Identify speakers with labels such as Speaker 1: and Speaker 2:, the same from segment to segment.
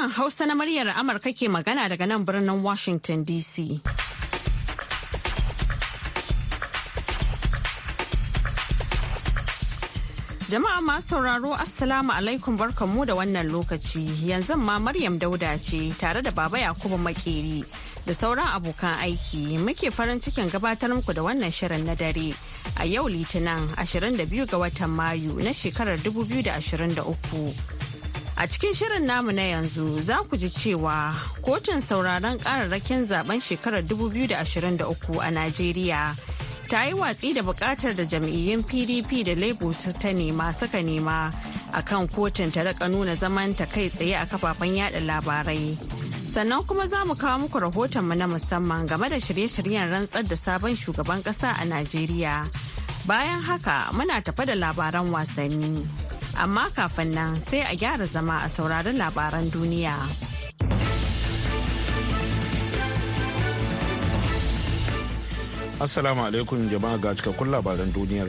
Speaker 1: Sashen Hausa na maryar Amurka ke magana daga nan birnin Washington DC. Jama'a ma sauraro Assalamu alaikum barkanmu da wannan lokaci yanzu ma Maryam Dauda ce tare da Baba Yakubu Makeri da sauran abokan aiki muke farin cikin gabatar muku da wannan shirin na dare a yau Litinin 22 ga watan Mayu na shekarar 2023. A cikin shirin namu na yanzu za ku ji cewa kotun sauraron kararrakin zaben shekarar 2023 a Najeriya ta yi watsi da bukatar da jam'iyyun PDP da Labour ta ta nema suka nema a kan kotun ta rika nuna zaman ta kai tsaye a kafafen yada labarai. Sannan kuma za mu kawo muku rahotonmu na musamman game da shirye-shiryen rantsar da sabon shugaban ƙasa a Najeriya. Bayan haka muna tafa da labaran wasanni. amma kafin nan sai a gyara zama a sauraron labaran duniya.
Speaker 2: Assalamu alaikum jama'a ga cikakkun labaran duniyar.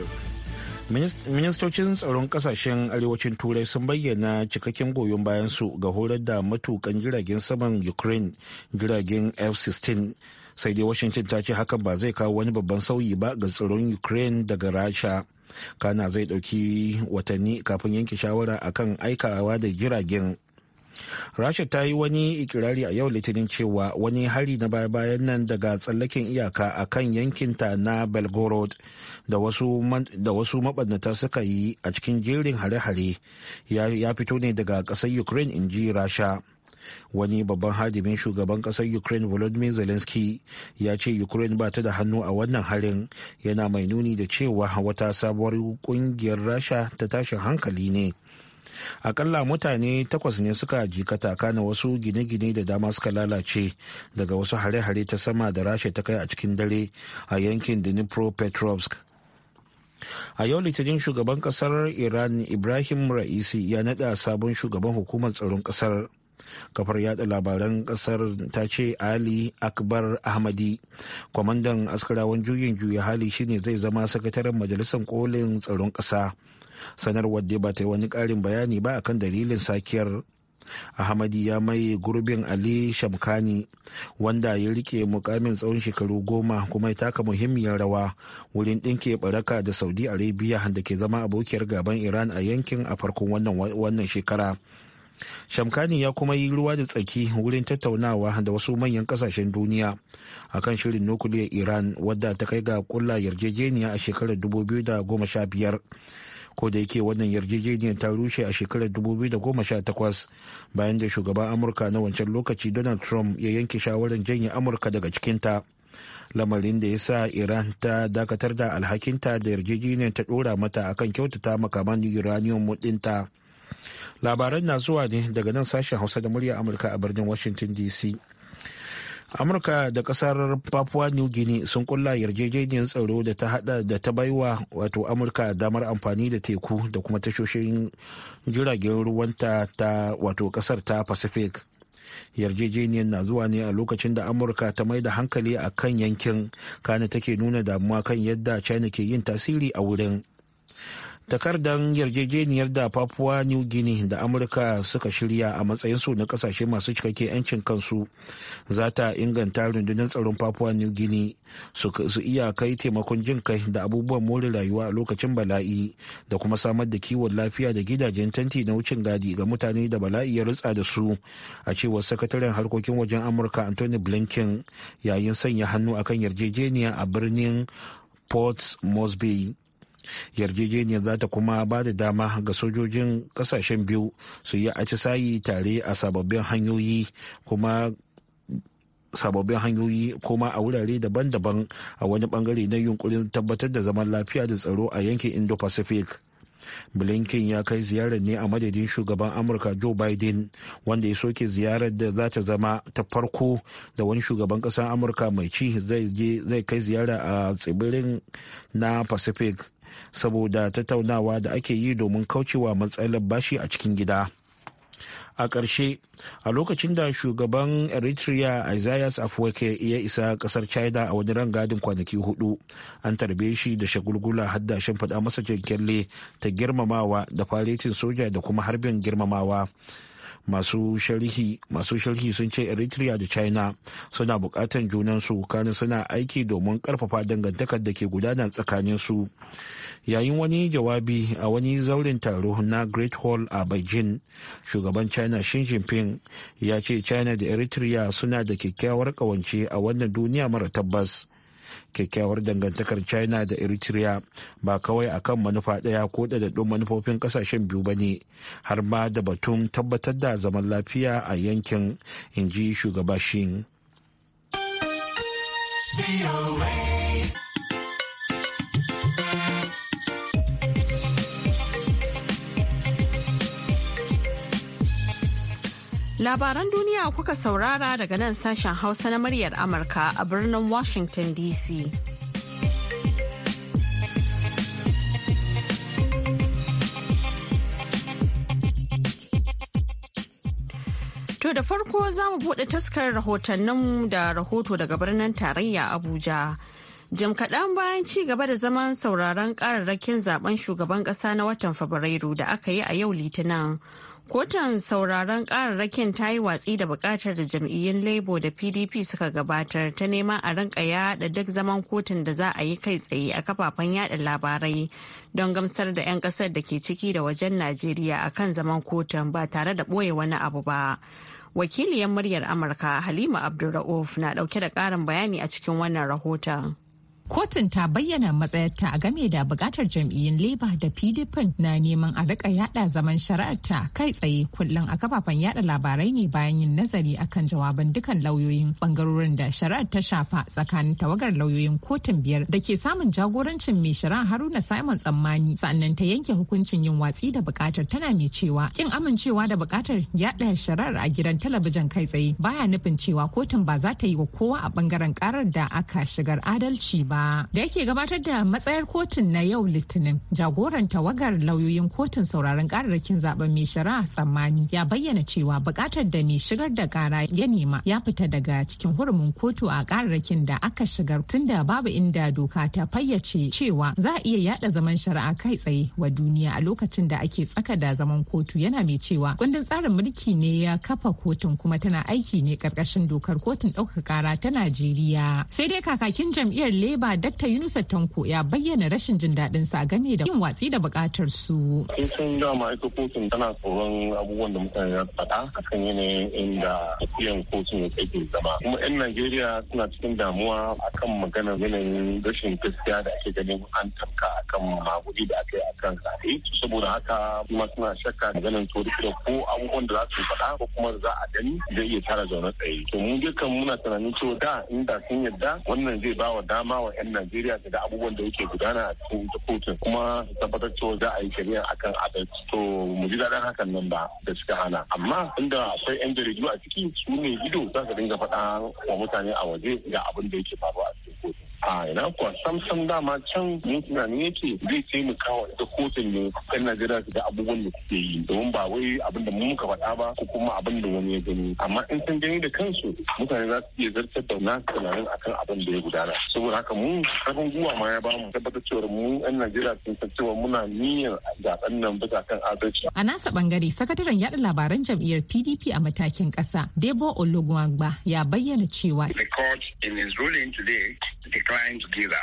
Speaker 2: Ministocin tsaron kasashen arewacin turai sun bayyana cikakken goyon bayansu ga horar da matukan jiragen saman Ukraine jiragen F-16. Sai dai Washington ta ce hakan ba zai kawo wani babban sauyi ba ga tsaron Ukraine daga Rasha. kana zai ɗauki watanni kafin yanke shawara akan aikawa da jiragen rasha ta yi wani ikirari a yau litinin cewa wani hari na baya-bayan nan daga tsallaken iyaka a kan yankinta na belgorod da wasu mabannata suka yi a cikin jerin hare-hare ya fito ne daga ƙasar ukraine in ji rasha wani babban hadimin shugaban kasar ukraine volodymyr zelensky ya ce ukraine ba ta da hannu a wannan harin yana mai nuni da cewa wata sabuwar kungiyar rasha ta tashin hankali ne akalla mutane takwas ne suka jikata kana wasu gine-gine da dama suka lalace daga wasu hare-hare ta sama da rasha ta kai a cikin dare a yankin dnipropetrovsk a yau litinin shugaban kasar iran ibrahim ra'isi ya nada sabon shugaban hukumar tsaron kasar kafar yada labaran kasar ta ce ali akbar ahmadi kwamandan askarawan juyin juya hali shine zai zama sakataren majalisar kolin tsaron kasa sanarwar da ba ta yi wani karin bayani ba akan dalilin sakiyar ahmadi ya mai gurbin ali shamkani wanda ya rike mukamin tsawon shekaru goma kuma ya taka muhimmiyar rawa wurin ɗinke baraka da saudi arabia da ke zama abokiyar gaban iran a yankin a farkon wannan shekara shamkani ya kuma yi ruwa da tsaki wurin tattaunawa da wasu manyan kasashen duniya akan shirin nukuliyar iran wadda ta kai ga kulla yarjejeniya a shekarar 2015 ko da yake wannan yarjejeniyar ta rushe a shekarar 2018 bayan da shugaban amurka na wancan lokaci donald trump ya yanke shawarar janye amurka daga cikinta lamarin da ya sa iran ta dakatar da alhakinta da yarjejeniyar ta dora mata akan kyautata makaman uranium ɗinta. labaran na zuwa ne daga nan sashen hausa da murya amurka a birnin washington dc amurka da kasar papua new guinea sun kulla yarjejeniyar tsaro da ta hada da ta baiwa wato amurka damar amfani da teku da kuma tashoshin jiragen ruwanta ta wato kasar ta pacific yarjejeniyar na zuwa ne a lokacin da amurka ta mai da hankali a kan yankin kana take nuna damuwa kan yadda china ke yin tasiri a wurin takardar yarjejeniyar da papua new guinea da amurka suka shirya a matsayin su na kasashe masu cikakke 'yancin kansu za ta inganta rundunar tsaron papua new guinea su iya kai taimakon jin kai da abubuwan more rayuwa a lokacin bala'i da kuma samar da kiwon lafiya da gidajen tanti na wucin gadi ga mutane da bala'i ya rutsa da su a cewar sakataren harkokin wajen amurka anthony blinken yayin sanya hannu akan yarjejeniya a birnin port mosby yarjejeniyar za ta kuma ba da dama ga sojojin kasashen biyu su yi atisayi tare a sababbin hanyoyi kuma sababbin hanyoyi kuma a wurare daban-daban a wani bangare na yunkurin tabbatar da zaman lafiya da tsaro a yankin indo-pacific blinken ya kai ziyarar ne a madadin shugaban amurka joe biden wanda ya soke ziyarar da za ta zama ta farko da wani shugaban ƙasar amurka mai ci zai kai ziyara a tsibirin na pacific saboda tattaunawa da ake yi domin kaucewa matsalar bashi a cikin gida a ƙarshe a lokacin da shugaban eritrea isaias afwerki ya isa ƙasar china a wani rangadin kwanaki hudu an tarbe shi da shagulgula hadda shimfiɗa masa kyankyalle ta girmamawa da faretin soja da kuma harbin girmamawa masu sharhi masu sharhi sun ce eritrea da china suna bukatan junansu kanin suna aiki domin karfafa dangantakar da ke gudana tsakaninsu yayin wani jawabi a wani zaurin taro na great hall a beijing shugaban china xi jinping ya ce china da eritrea suna da kyakkyawar kawance a wannan duniya mara tabbas kyakkyawar dangantakar china da eritrea ba kawai akan manufa ɗaya ko ɗadaɗɗun manufofin ƙasashen biyu ba ne har ma da batun tabbatar da zaman lafiya a yankin in ji shugaba shi.
Speaker 1: Labaran duniya kuka saurara daga nan sashen Hausa na muryar Amurka a birnin Washington DC. To da farko za mu buɗe taskar rahotannin da rahoto daga birnin tarayya Abuja. Jim kaɗan bayan ci gaba da zaman sauraron ƙararrakin zaben shugaban ƙasa na watan Fabrairu da aka yi a yau Litinin. Kotun sauraron kararrakin ta yi watsi da bukatar da jam'iyyun Labour da PDP suka gabatar ta neman a rinka yada duk zaman kotun da za a yi kai tsaye a kafafen yada labarai don gamsar da 'yan ƙasar da ke ciki da wajen Najeriya a kan zaman kotun ba tare da ɓoye wani abu ba. Wakiliyar muryar Amurka Halima Abdulra'uf na ɗauke da ƙarin bayani a cikin wannan rahoton.
Speaker 3: Kotun ta bayyana matsayarta a game da bukatar jam'iyyun Labour da PDP na neman a rika yada zaman shari'arta kai tsaye kullum a kafafen yada labarai ne bayan yin nazari akan jawabin dukan lauyoyin bangarorin da shari'ar ta shafa tsakanin tawagar lauyoyin kotun biyar da ke samun jagorancin mai shari'a Haruna Simon Tsammani sannan ta yanke hukuncin yin watsi da bukatar tana mai cewa kin amincewa da bukatar yada shari'ar a gidan talabijin kai tsaye baya nufin cewa kotun ba za ta yi wa kowa a bangaren karar da aka shigar adalci ba. ba da yake gabatar da matsayar kotun na yau litinin jagoran tawagar lauyoyin kotun sauraron kararrakin zaben mai shari'a tsammani ya bayyana cewa bukatar da mai shigar da kara ya nema ya fita daga cikin hurumin kotu a kararrakin da aka shigar tun da babu inda doka ta fayyace cewa za a iya yada zaman shari'a kai tsaye wa duniya a lokacin da ake tsaka da zaman kotu yana mai cewa kundin tsarin mulki ne ya kafa kotun kuma tana aiki ne karkashin dokar kotun ɗaukaka kara ta najeriya sai dai kakakin jam'iyyar labour Garba Dr. Yunusa Tanko ya bayyana rashin jin daɗin sa game da yin watsi da buƙatar su.
Speaker 4: sun san dama ita kotun tana tsoron abubuwan da mutane ya faɗa kan yanayin inda tafiyan kotun ya tsaye zama. Kuma 'yan Najeriya suna cikin damuwa a kan maganar yanayin rashin gaskiya da ake ganin an tafka kan magudi da aka yi kan zaɓe. Saboda haka kuma suna shakka ganin tori da ko abubuwan da za su faɗa ko kuma za a gani zai iya tara zaune tsaye. To mu dukkan muna tunanin cewa da inda sun yarda wannan zai bawa wa dama wa wa 'yan Najeriya da abubuwan da yake gudana a cikin kotun kuma tabbatar cewa za a yi shari'a akan adalci to mu ji daɗin hakan nan ba da suka hana amma inda akwai 'yan jaridu a ciki su ne ido za su dinga faɗa wa mutane a waje ga abin da yake faruwa a ina kuwa samsam dama can mun tunanin yake zai taimaka wa ita kotun ne kan najeriya su ga abubuwan da kuke yi domin ba wai abin da muka faɗa ba ko kuma abin da wani ya gani amma in san gani da kansu mutane za su iya zartar da na tunanin akan abin da ya gudana saboda haka mu karfin guwa ma ya bamu tabbatar cewa mu yan najeriya sun san cewa muna niyyar zaben nan bisa kan adalci. a
Speaker 3: nasa bangare sakataren yaɗa labaran jam'iyyar pdp a matakin kasa debo olugunagba ya bayyana cewa. the court
Speaker 5: in his ruling today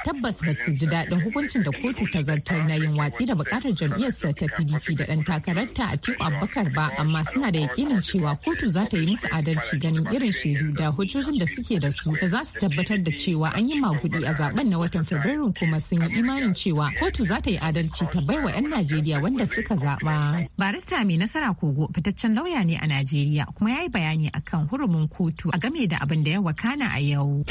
Speaker 3: Tabbas ba su ji daɗin hukuncin da kotu ta zartar na yin watsi da bukatar jam'iyyarsa ta PDP da ɗan takararta a Tiku Abubakar ba, amma suna da yakinin cewa kotu za ta yi musu adalci ganin irin shaidu da hujjojin da suke da su da za su tabbatar da cewa an yi magudi a zaben na watan Fabrairu kuma sun yi imanin cewa kotu za ta yi adalci ta bai wa 'yan Najeriya wanda suka zaɓa. Barista mai nasara kogo fitaccen lauya ne a Najeriya kuma ya yi bayani akan hurumin kotu a game da abin da ya wakana a yau.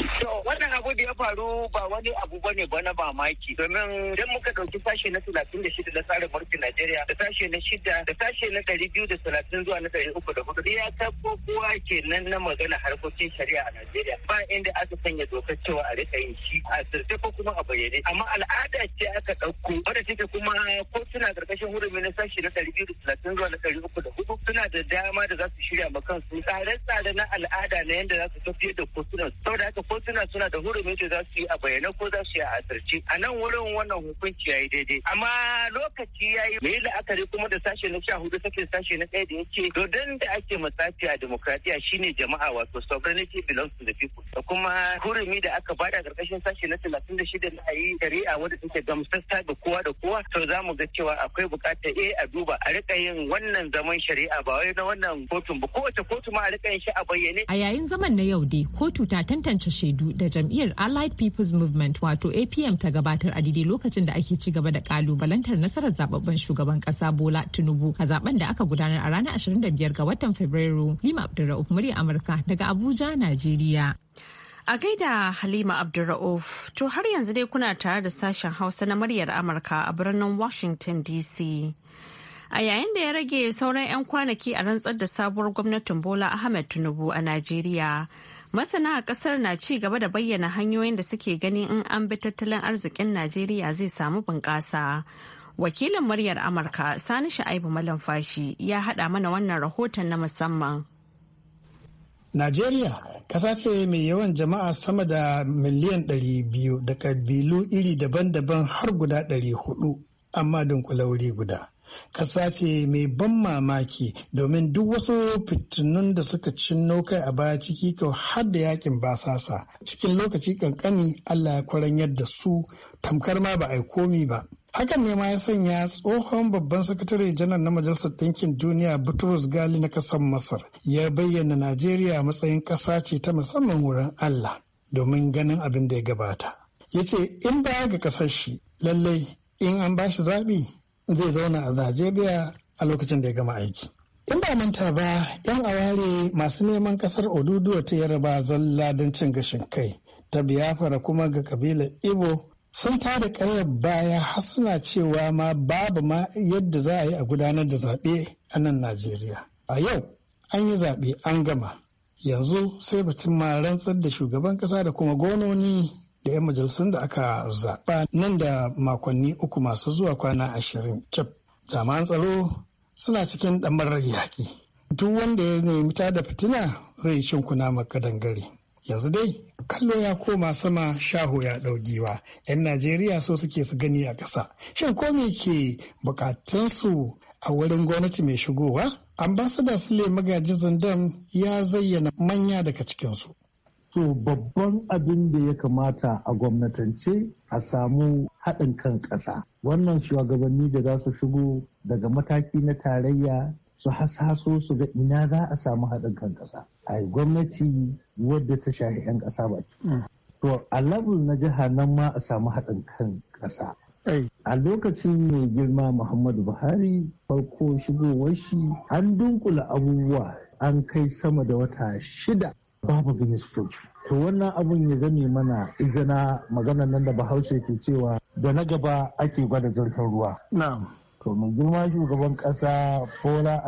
Speaker 6: abu da ya faru ba wani abu ba ne ba na mamaki domin idan muka ɗauki sashe na talatin da shida na tsarin mulkin Najeriya da sashe na shida da sashe na ɗari biyu da talatin zuwa na ɗari uku da hudu ya kowa kenan na magana harkokin shari'a a Najeriya ba inda aka sanya dokar cewa a rika yin shi a sirte ko kuma a bayyane amma al'ada ce aka ɗauko wadda take kuma ko suna ƙarƙashin hurumi na sashe na ɗari biyu da talatin zuwa na ɗari uku da hudu suna da dama da za su shirya ma kansu tsare-tsare na al'ada na yadda za su tafiyar da kotuna saboda haka kotunan suna da hurumi suka zo za su yi a bayyana ko za su yi a asirci a nan wurin wannan hukunci ya yi daidai amma lokaci ya yi mai la'akari kuma da sashe na sha hudu sakin sashe na ɗaya da ya ce dodon da ake musafi a demokratiya shine jama'a wato sovereignty belongs to the people da kuma hurumi da aka bada ƙarƙashin sashe na talatin da shida na yi shari'a wadda take gamsasta da kowa da kowa to za mu ga cewa akwai bukatar a eh, a duba a riƙa yin wannan zaman shari'a ba wai na
Speaker 4: wannan kotun ba kowace kotu
Speaker 3: ma a riƙa yin shi a bayyane. a yayin zaman na yau dai kotu ta tantance shaidu da jam'iyyar jam'iyyar allied people's movement wato apm ta gabatar a daidai lokacin da ake ci gaba da kalubalantar nasarar zababben shugaban kasa bola tinubu a zaben da aka gudanar a ranar 25 ga watan fabrairu lima abdulra'uf murya amurka daga abuja najeriya A
Speaker 1: gaida Halima Abdulra'uf, to har yanzu dai kuna tare da sashen Hausa na muryar Amurka a birnin Washington DC. A yayin da ya rage sauran 'yan kwanaki a rantsar da sabuwar gwamnatin Bola Ahmed Tinubu a Najeriya, Masana a kasar na ci gaba da bayyana hanyoyin da suke ganin in an bi tattalin arzikin Najeriya zai samu bunƙasa. Wakilin muryar Amurka Sani Sha'ibu Malamfashi ya haɗa mana wannan rahoton na musamman.
Speaker 7: Najeriya ƙasa ce mai yawan jama'a sama da miliyan 200 da ƙabilu iri daban-daban har guda 400 amma dunkula wuri guda. ƙasa ce mai ban mamaki domin duk wasu fitinun da suka cinno kai a baya ciki ko har da yakin basasa cikin lokaci kankani allah ya kwaran yadda su tamkar ma ba a yi komi ba Hakan ne ma ya sanya tsohon babban sakatare janar na Majalisar Ɗinkin Duniya Butrus Gali na ƙasar Masar ya bayyana Najeriya matsayin ƙasa ce ta musamman wurin Allah domin ganin abin da ya gabata. Ya ce in ba ga ƙasar shi lallai in an ba shi zaɓi zai zauna a Najeriya a lokacin da ya gama aiki. In ba manta ba, 'yan aware masu neman kasar Oduduwa ta Yaraba zalla don cin gashin kai ta biyafara kuma ga kabilar Igbo sun tada kayar baya har suna cewa ma babu ma yadda za a yi a gudanar da zaɓe a nan Najeriya. A yau an yi zaɓe an gama. Yanzu sai batun ma rantsar da shugaban ƙasa da kuma gononi da 'yan majalisun da aka zaɓa nan da makonni uku masu zuwa kwana ashirin cap jami'an tsaro suna cikin ɗamarar yaƙi duk wanda ya nemi ta da fitina zai cin kunama kadangare yanzu dai kallo ya koma sama shaho ya ɗaugiwa 'yan najeriya so suke su gani a ƙasa shin ko me ke bukatunsu a wurin gwamnati mai shigowa ambasada
Speaker 5: sule magaji zandam ya zayyana manya daga cikinsu So babban abin da ya kamata a gwamnatance a samu haɗin kan ƙasa. Wannan shugabanni da za su shigo daga mataki na tarayya su hasaso su ga ina za a samu haɗin kan ƙasa. A gwamnati wadda ta shahi 'yan ƙasa ba. Mm. To a na jiha nan ma a samu haɗin kan ƙasa. A lokacin mai girma Muhammadu Buhari farko shigowar shi an dunkula abubuwa an kai sama da wata shida babu ganin soji to wannan abun ya zame mana izina magana nan da bahaushe ke cewa da na gaba ake gwada zarfin ruwa to mai girma shugaban kasa bola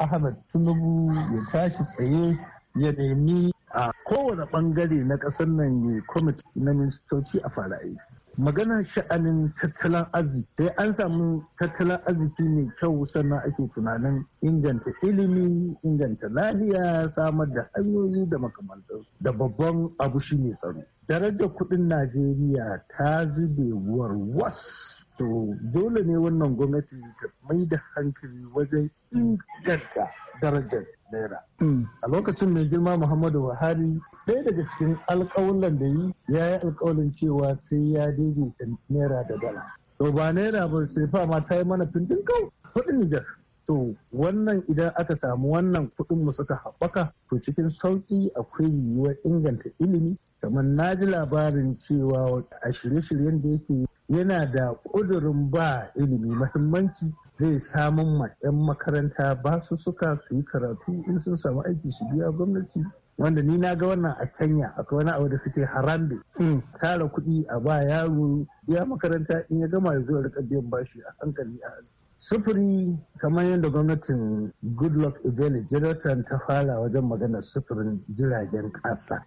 Speaker 5: ahmed tinubu ya tashi tsaye ya nemi a kowane bangare na kasar nan ya kwamiti na ministoci a fara aiki maganar sha'anin tattalin arziki sai an samu tattalin arziki mai kyau sannan ake tunanin inganta ilimi inganta lahiya samar da hanyoyi da makamantarsu da babban abu shi ne tsaro darajar kudin najeriya ta zube warwas To dole ne wannan gwamnati ta mai da hankali wajen inganta darajar naira. Mm. A lokacin mai girma Muhammadu Buhari ɗaya daga cikin alƙawulan da yi ya yi alƙawulin cewa sai ya daidaita naira da dala. To ba naira ba sai fa ma ta yi mana fintin kai kuɗin Nijar. To wannan idan aka samu wannan kuɗin mu suka haɓaka to cikin sauƙi akwai yiwuwar inganta ilimi kamar na ji labarin cewa a shirye-shiryen da yake yana da ƙudurin ba ilimi mahimmanci zai samun mayan makaranta ba su suka su yi karatu in sun samu aiki su biya gwamnati wanda ni na ga wannan a kenya akwai wani abu da suke harambe hmm, tara kuɗi a ba yaro biya makaranta in ya gama ya zo rika biyan bashi a hankali a sufuri kamar yadda gwamnatin goodluck ebele jonathan ta fara wajen maganar sufurin jiragen kasa.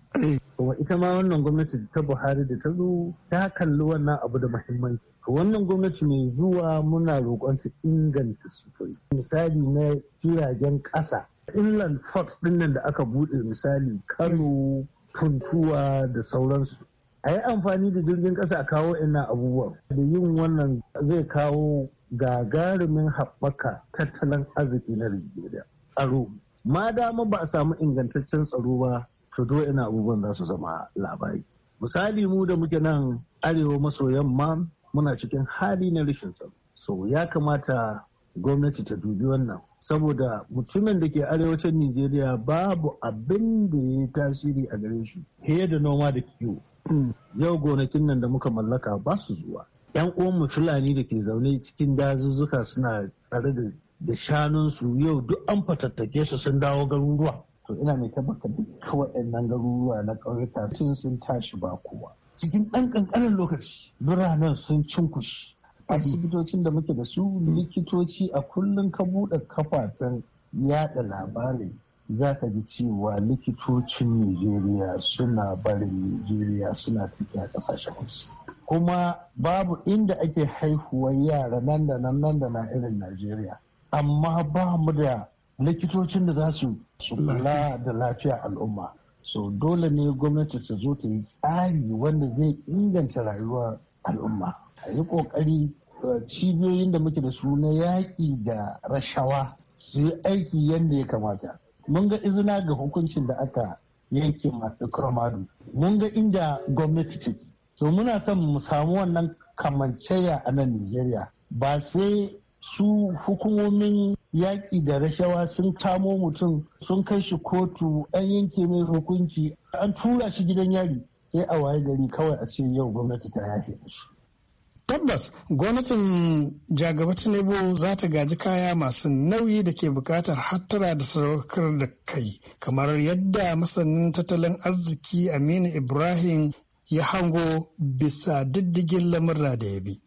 Speaker 5: kuma ita ma wannan gwamnati ta buhari da ta zo ta kalli wannan abu da muhimmanci wannan gwamnati mai zuwa muna roƙon su inganta sufuri misali na jiragen kasa. inland Fox ɗinnan da aka buɗe misali kano puntuwa da sauransu a yi amfani da jirgin kasa a kawo ina abubuwan da yin wannan zai kawo gagarumin haɓaka tattalin arziki na Najeriya. Tsaro. Ma dama ba a samu ingantaccen tsaro ba, to do ina abubuwan za su zama labari. Misali mu da muke nan arewa maso yamma muna cikin hali na rashin tsaro. So ya kamata gwamnati ta dubi wannan. Saboda mutumin da ke arewacin Nijeriya babu abin da ya tasiri a gare shi, da noma da kiwo. Yau gonakin nan da muka mallaka ba su zuwa. 'yan uwanmu fulani da ke zaune cikin dazuzzuka suna tsare da shanunsu yau duk an fatattake su sun dawo garuruwa to ina mai tabbata duka waɗannan garuruwa na ƙauyuka sun sun tashi ba kowa cikin ɗan ƙanƙanin lokaci biranen sun cinkushi asibitocin da muke da su likitoci a kullum ka buɗe kafafen yaɗa labarin za ka ji cewa likitocin Nijeriya suna barin Nijeriya suna tafiya ƙasashen wasu kuma babu inda ake haihuwar yara nan da nan nan da na irin najeriya amma ba mu da likitocin da za su kula da lafiya al'umma so dole ne gwamnati ta zo ta yi tsari wanda zai inganta rayuwar al'umma a yi kokari uh, cibiyoyin da muke da su na yaƙi da rashawa su yi aiki yadda ya kamata mun ga izina ga hukuncin da aka yanke masu kurmadu mun ga inda gwamnati take so muna son mu samu wannan kamanceya a nan nigeria ba sai su hukumomin yaƙi da rashawa sun kamo mutum sun kai shi kotu an yanke mai hukunci an tura shi gidan yari sai a waye gari kawai a ce yau gwamnati ta yafe shi. tabbas gwamnatin
Speaker 7: jagaba tinubu za ta gaji kaya masu nauyi da ke bukatar hattara da sadaukar da kai kamar yadda masanin tattalin arziki aminu ibrahim ya hango bisa diddigin lamurra da ya bi.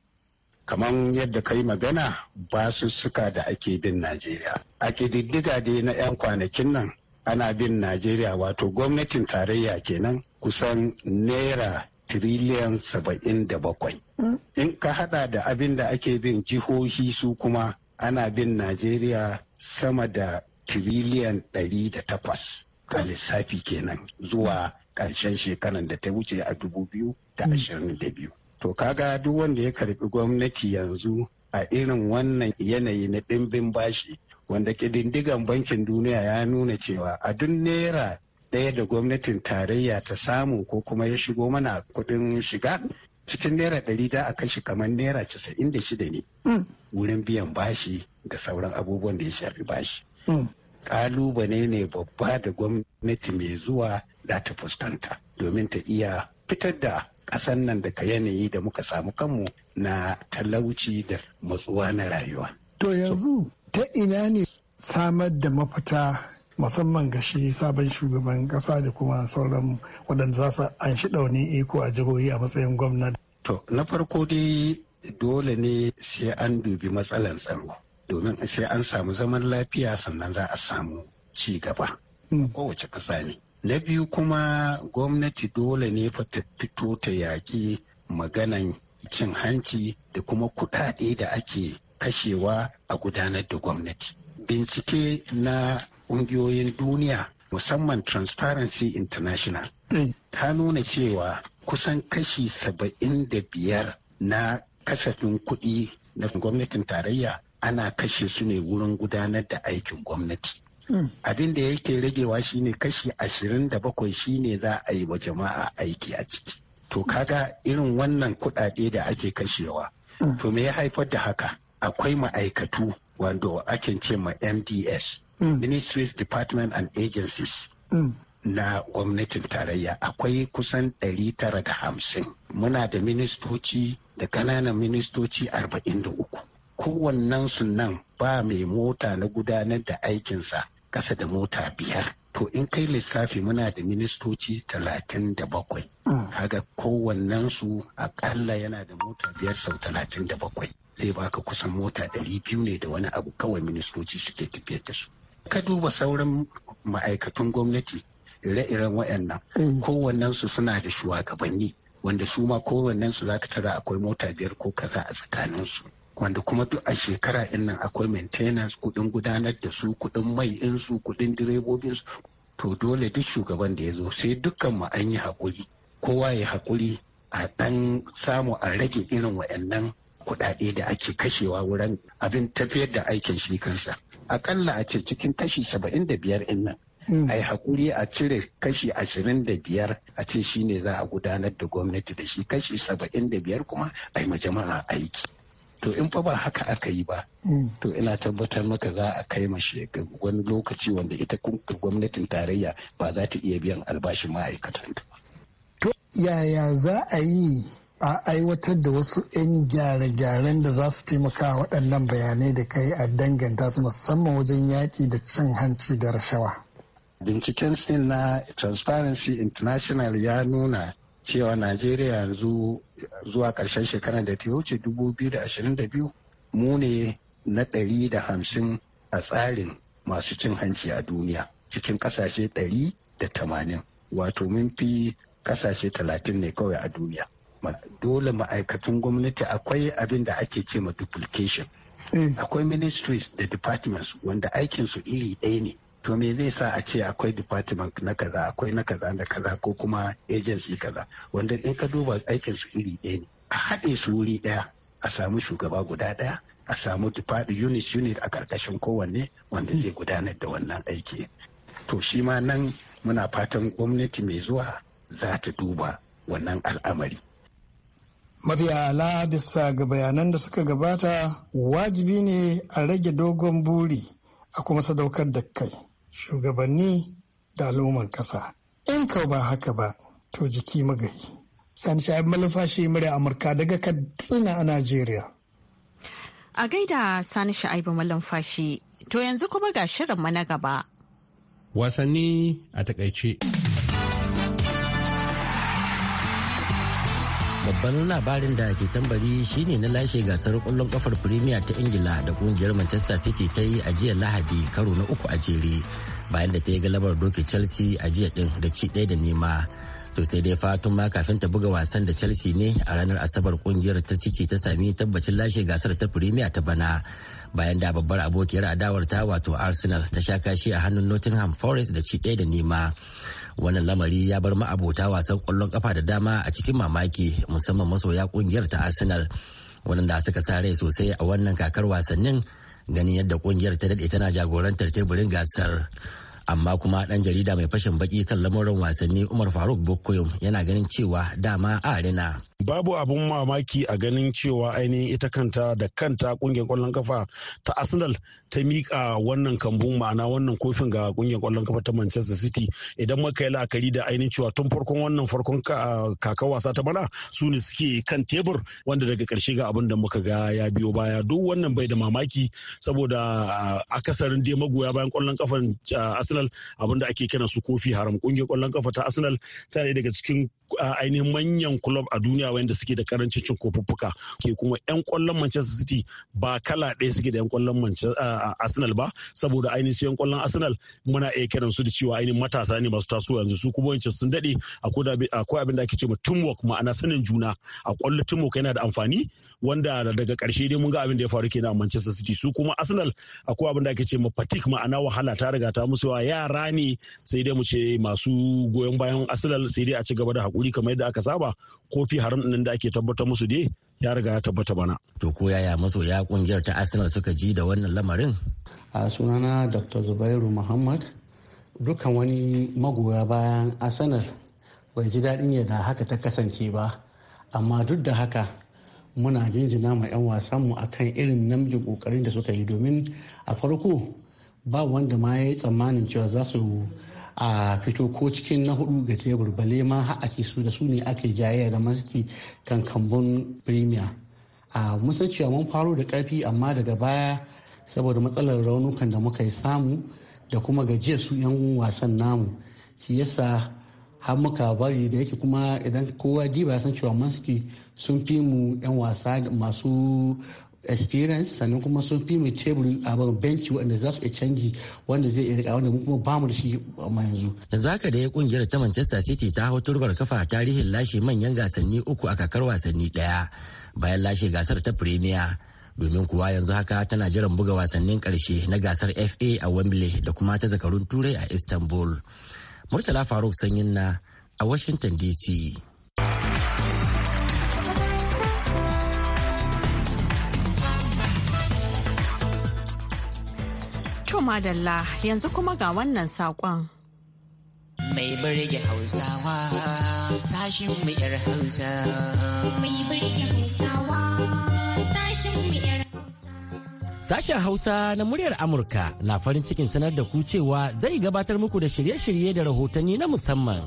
Speaker 8: kamar yadda ka yi magana basussuka da ake bin Najeriya. A diddiga dai na 'yan kwanakin nan ana bin Najeriya wato gwamnatin tarayya kenan kusan naira tiriliyan saba'in da bakwai. Hmm. In ka hada da abin da ake bin jihohi su kuma ana bin Najeriya sama da tiriliyan ɗari da takwas a hmm. lissafi kenan zuwa Karshen shekaran da ta wuce a dubu biyu da mm. ashirin da biyu. To kaga duk wanda ya karbi gwamnati yanzu a irin wannan yanayi na ɗimbin bashi wanda ƙididdigan bankin duniya ya nuna cewa a duk naira ɗaya da gwamnatin tarayya ta samu ko kuma ya shigo mana kuɗin shiga cikin naira ɗari da a kashe kamar naira casa'in da shida ne mm. wurin biyan bashi da sauran abubuwan da ya shafi bashi. Mm. Ƙalubale ne babba da gwamnati mai zuwa za ta fuskanta domin ta iya fitar da ƙasan nan daga yanayi da muka samu kanmu na talauci da matsuwa na rayuwa.
Speaker 7: To yanzu ta ina ne samar da mafita musamman ga shi sabon shugaban ƙasa da kuma sauran waɗanda za su an shi ɗauni iko a jihohi a matsayin gwamnati.
Speaker 8: To na farko dai dole ne sai an dubi matsalan tsaro domin sai an samu zaman lafiya sannan za a samu ci gaba. Hmm. Kowace ƙasa ne. na biyu kuma gwamnati dole ne ta fito ta yaƙi maganan cin hanci da kuma kuɗaɗe da ake kashewa a gudanar da gwamnati bincike na ƙungiyoyin duniya musamman transparency international eh. ta nuna cewa kusan kashi saba'in da biyar na kasafin kuɗi na gwamnatin tarayya ana kashe su ne wurin gudanar da aikin gwamnati abin da yake ragewa shine kashi ashirin da bakwai shine za a yi wa jama'a aiki a ciki to kaga irin wannan kuɗaɗe da ake kashewa to me ya haifar da haka akwai ma'aikatu wanda ake ce ma mds mm. ministries department and agencies mm. na gwamnatin tarayya akwai kusan 950 muna da ministoci da kananan ministoci 43 kowannen nan ba mai mota na gudanar da aikinsa ƙasa da mota biyar to in kai lissafi muna da ministoci talatin da bakwai mm. kaga kowannen su akalla yana da mota biyar sau talatin da bakwai zai baka kusan mota ɗari biyu ne da wani abu kawai ministoci suke tafiyar da su ka duba sauran ma'aikatan gwamnati ire-iren waɗannan mm. kowannen su suna da shuwagabanni. wanda su ma kowannen su zaka tara akwai mota biyar ko kaza a tsakanin su wanda kuma duk a shekara in nan akwai maintenance kudin gudanar da su kudin mai in su kudin direbobin su to dole duk shugaban da ya zo sai dukkan mu an yi hakuri kowa ya hakuri a dan samu a rage irin wayannan kuɗaɗe da ake kashewa wurin abin tafiyar da aikin shi kansa akalla a ce cikin kashi saba'in da biyar in nan hmm. a yi hakuri a cire kashi ashirin da biyar a ce shine za a gudanar da gwamnati da shi kashi saba'in da biyar kuma a yi ma jama'a aiki to in fa ba haka aka yi ba mm. to ina tabbatar maka za a kai mashi wani lokaci wanda ita gwamnatin tarayya ba za ta iya biyan albashin ma'aikatan ta
Speaker 7: to yaya za a yi a aiwatar da wasu 'yan gyare-gyaren da za su taimaka waɗannan bayanai da kai a danganta su musamman wajen yaƙi da cin hanci da
Speaker 8: rashawa binciken sin na transparency international ya nuna cewa najeriya yanzu zuwa ƙarshen shekarar da ta wuce 2022 mu ne na 150 a tsarin masu cin hanci a duniya cikin ƙasashe 180 wato mun fi ƙasashe 30 ne kawai a duniya dole ma'aikatan gwamnati akwai abin da ake ce ma duplication eh. akwai ministries da departments wanda aikinsu iri ɗaya ne to me zai sa a ce akwai department na kaza akwai na kaza na kaza ko kuma agency kaza wanda in ka duba aikin su iri ɗaya ne a haɗe su wuri ɗaya a samu shugaba guda ɗaya a samu unit unit a ƙarƙashin kowanne wanda zai gudanar da wannan aiki to shi ma nan muna fatan gwamnati mai zuwa za ta duba wannan al'amari
Speaker 7: mabiya al'adarsa ga bayanan da suka gabata wajibi ne a rage dogon buri a kuma sadaukar da kai shugabanni da al'umman ƙasa. In ka ba haka ba, to jiki magayi. Sani Sha'ib Malafashi murya Amurka daga Katsina a Najeriya.
Speaker 1: A gaida Sani Sha'ib Malafashi, to yanzu kuma ga shirin na gaba.
Speaker 8: Wasanni a takaice.
Speaker 6: babban labarin da ke tambari shine na lashe gasar kwallon kafar premier ta ingila da kungiyar manchester city ta yi a jiya lahadi karo na uku a jere bayan da ta yi galabar doke chelsea a jiya din da ci ɗaya da nema to sai dai fatun ma kafin ta buga wasan da chelsea ne a ranar asabar kungiyar ta city ta sami tabbacin lashe gasar ta premier ta bana bayan da babbar abokiyar adawar ta wato arsenal ta sha kashi a hannun nottingham forest da ci ɗaya da nema wannan lamari ya bar ma'abota wasan kwallon kafa da dama a cikin mamaki musamman masoya kungiyar ta arsenal waɗanda suka sa rai sosai a wannan kakar wasannin ganin yadda kungiyar ta daɗe tana jagorantar teburin gasar amma kuma ɗan jarida mai fashin baki kan lamarin wasanni umar faruk bokoyum yana ganin cewa dama a arena
Speaker 4: babu abun mamaki a ganin cewa ainihin ita kanta da kanta kungiyar kwallon kafa ta arsenal ta mika wannan kambun ma'ana wannan kofin ga kungiyar kwallon kafa ta manchester city idan muka yi la'akari da ainihin cewa tun farkon wannan farkon kaka wasa ta bana su ne suke kan tebur wanda daga karshe ga abin da muka ga ya biyo baya duk wannan bai da mamaki saboda akasarin dai magoya bayan kwallon kafan arsenal abin da ake kiran su kofi haram kungiyar kwallon kafa ta arsenal tana daga cikin ainihin manyan club a duniya duniya wanda suke da karancin cin kofuffuka ke kuma yan kwallon Manchester City ba kala ɗaya suke da yan kwallon Arsenal ba saboda ainihin yan kwallon Arsenal muna iya kiran su da cewa ainihin matasa ne masu tasowa yanzu su kuma wancan sun daɗe akwai abin da ake ce ma teamwork ma'ana sanin juna a kwallo teamwork yana da amfani wanda daga ƙarshe dai mun ga abin da ya faru kenan a Manchester City su kuma Arsenal akwai abin da ake ce ma fatigue ma'ana wahala ta riga ta musu yara ne sai dai mu ce masu goyon bayan Arsenal sai dai a ci gaba da hakuri kamar yadda aka saba kofi haram ɗin da ake tabbatar musu dai ya riga ya tabbata bana.
Speaker 6: To ko yaya ya kungiyar ta Arsenal suka ji da wannan lamarin? A sunana Dr. Zubairu Muhammad
Speaker 5: dukkan wani magoya bayan Arsenal bai ji daɗin yadda haka ta kasance ba amma duk da haka muna jinjina ma 'yan wasan mu akan irin namijin kokarin da suka yi domin a farko ba wanda ma ya yi tsammanin cewa za su a fito ko cikin na hudu ga tebur bale ma har ake su da su ne ake jayayya da masiti kan kambun premier a musan cewa mun faro da karfi amma daga baya saboda matsalar raunukan da muka yi samu da kuma gajiyar su yan wasan namu shi yasa har muka bari da yake kuma idan kowa diba san cewa man sun fi mu yan wasa masu experience
Speaker 6: sannan kuma sun fi mu teburi a banki wanda za su iya canji wanda zai iya rika wanda mu kuma bamu da shi amma yanzu. Yanzu haka da ya kungiyar ta Manchester City ta hau turbar kafa tarihin lashe manyan gasanni uku a kakar wasanni daya bayan lashe gasar ta Premier. domin kuwa yanzu haka tana jiran buga wasannin karshe na gasar FA a Wembley da kuma ta zakarun Turai a Istanbul. Murtala Faruk Sanyin na a Washington DC.
Speaker 1: madalla yanzu kuma ga wannan saƙon.
Speaker 3: Mai birge Hausawa sashin mu yar Hausa. Mai birge Hausawa sashin mu yar
Speaker 6: Sashen Hausa na muryar Amurka na farin cikin sanar da ku cewa zai gabatar muku da shirye-shirye da rahotanni na musamman.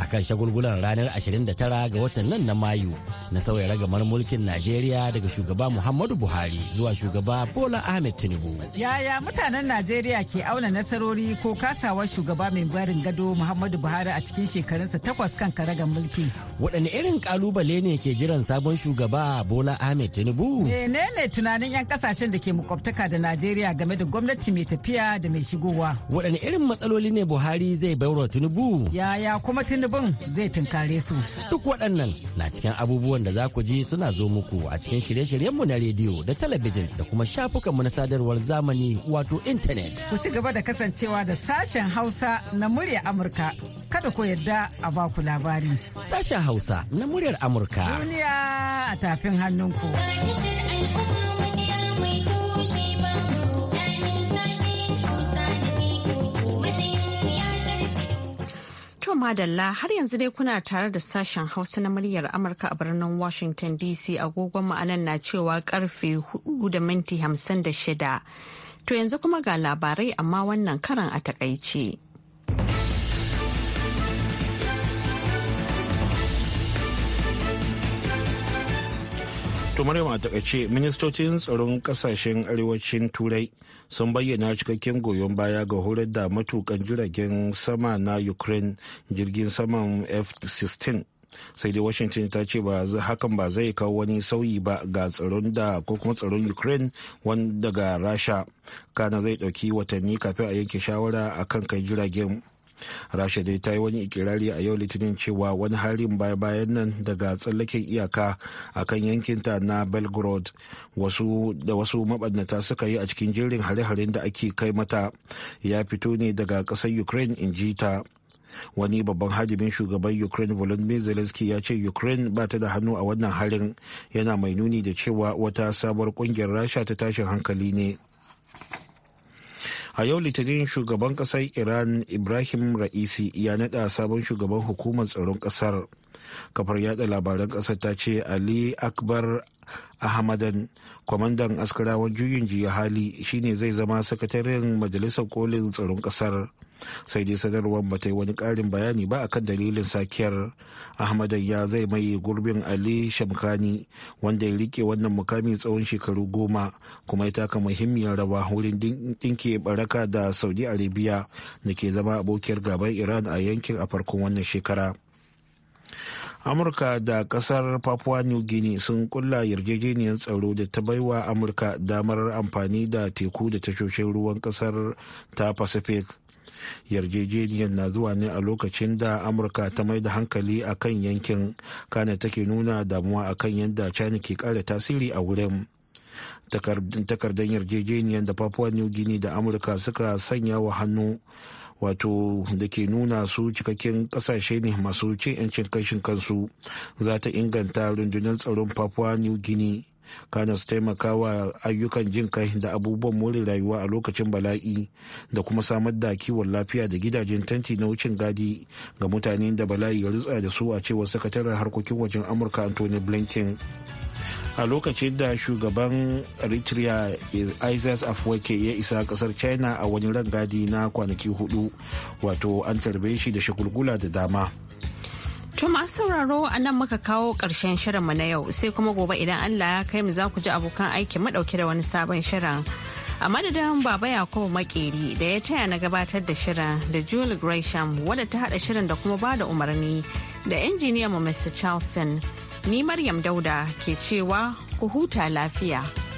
Speaker 6: a kan shagulgulan ranar 29 ga watan nan na mayu na sauya ragamar mulkin najeriya daga shugaba muhammadu buhari zuwa shugaba bola ahmed tinubu
Speaker 3: yaya mutanen najeriya ke auna nasarori ko kasawar shugaba mai barin gado muhammadu buhari a cikin shekarunsa takwas kan karagar mulki waɗanne
Speaker 6: irin kalubale ne ke jiran sabon shugaba bola ahmed tinubu
Speaker 3: menene tunanin yan kasashen da ke makwabtaka da najeriya game da gwamnati mai tafiya da mai shigowa waɗanne irin matsaloli
Speaker 6: ne buhari zai baiwa tinubu
Speaker 3: yaya kuma tinubu laifin zai tunkare su. Duk
Speaker 6: waɗannan na cikin abubuwan da za ku ji suna zo muku a cikin shirye-shiryenmu na rediyo da talabijin da kuma shafukanmu na sadarwar zamani wato intanet.
Speaker 3: Ku ci gaba da kasancewa da sashen Hausa na murya Amurka. Kada ku yarda a ba ku labari. Sashen Hausa na muryar Amurka. Duniya a tafin
Speaker 1: hannunku. To Madalla har yanzu dai kuna tare da sashen Hausa na muryar Amurka a birnin Washington DC agogon ma'anan na cewa karfe 4 da minti 56. To yanzu kuma ga labarai amma wannan karan a takaice.
Speaker 2: To Maryam ta takaice ministocin tsaron kasashen arewacin turai sun bayyana cikakken goyon baya ga horar da matukan jiragen sama na Ukraine jirgin saman F-16 sai dai washington ta ce ba hakan ba zai kawo wani sauyi ba ga tsaron da ko kuma tsaron ukraine wanda daga rasha kana zai dauki watanni kafin a yanke shawara akan kai jiragen rasha dai ta yi wani ikirari a yau litinin cewa wani harin baya-bayan nan daga tsallaken iyaka a kan yankinta na belgrade wasu da wasu mabannata suka yi a cikin jirin hare-haren da ake kai mata ya fito ne daga ƙasar ukraine in ji ta wani babban hadimin shugaban ukraine volodymyr zelensky ya ce ukraine ba ta da hannu a wannan harin yana mai nuni da cewa wata sabuwar kungiyar rasha ta tashin hankali ne a yau litinin shugaban kasar iran ibrahim ra'isi ya nada sabon shugaban hukumar tsaron kasar kafar yada labaran kasar ta ce ali akbar ahmadan kwamandan askarawan juyin jiya hali shine zai zama sakataren majalisar kolin tsaron kasar sai dai sanarwar ba ta yi wani karin bayani ba akan dalilin sakiyar ahmadan ya zai mai gurbin ali shamkani wanda ya rike wannan mukamin tsawon shekaru goma kuma ya taka muhimmiyar rawa wurin dinke baraka da saudi arabia da ke zama abokiyar gaban iran a yankin a farkon wannan shekara amurka da kasar papua new guinea sun kulla yarjejeniyar tsaro da ta baiwa amurka damar amfani da teku da tashoshin ruwan kasar ta pacific yarjejeniyar na zuwa ne a lokacin da amurka ta mai da hankali a kan yankin kana take nuna damuwa a kan yadda china ke kara tasiri a wurin takardar yarjejeniyar da papua new guinea da amurka suka sanya wa hannu wato da ke nuna su cikakken kasashe ne masu cin 'yancin kashin kansu za ta inganta rundunar tsaron papua new guinea kana su taimaka wa ayyukan jin kai da abubuwan more rayuwa a lokacin bala'i da kuma samar da kiwon lafiya da gidajen tanti na wucin gadi ga mutane da bala'i ya rutsa da su a cewar sakataren harkokin wajen amurka anthony blinken a lokacin da shugaban eritrea isaac afwake ya isa kasar china a wani rangadi na kwanaki hudu wato an tarbe shi da shagulgula da dama
Speaker 1: To masu sauraro a nan muka kawo ƙarshen mu na yau sai kuma gobe idan Allah ya kai mu za ku ji abokan aiki madauke da wani sabon shirin. A madadin Baba Yakubu Makeri da ya taya na gabatar da shirin da Julie Gresham wadda ta haɗa shirin da kuma bada umarni da injiniyan injiniyanmu Mr. Charleston. Ni Maryam Dauda ke cewa ku huta lafiya.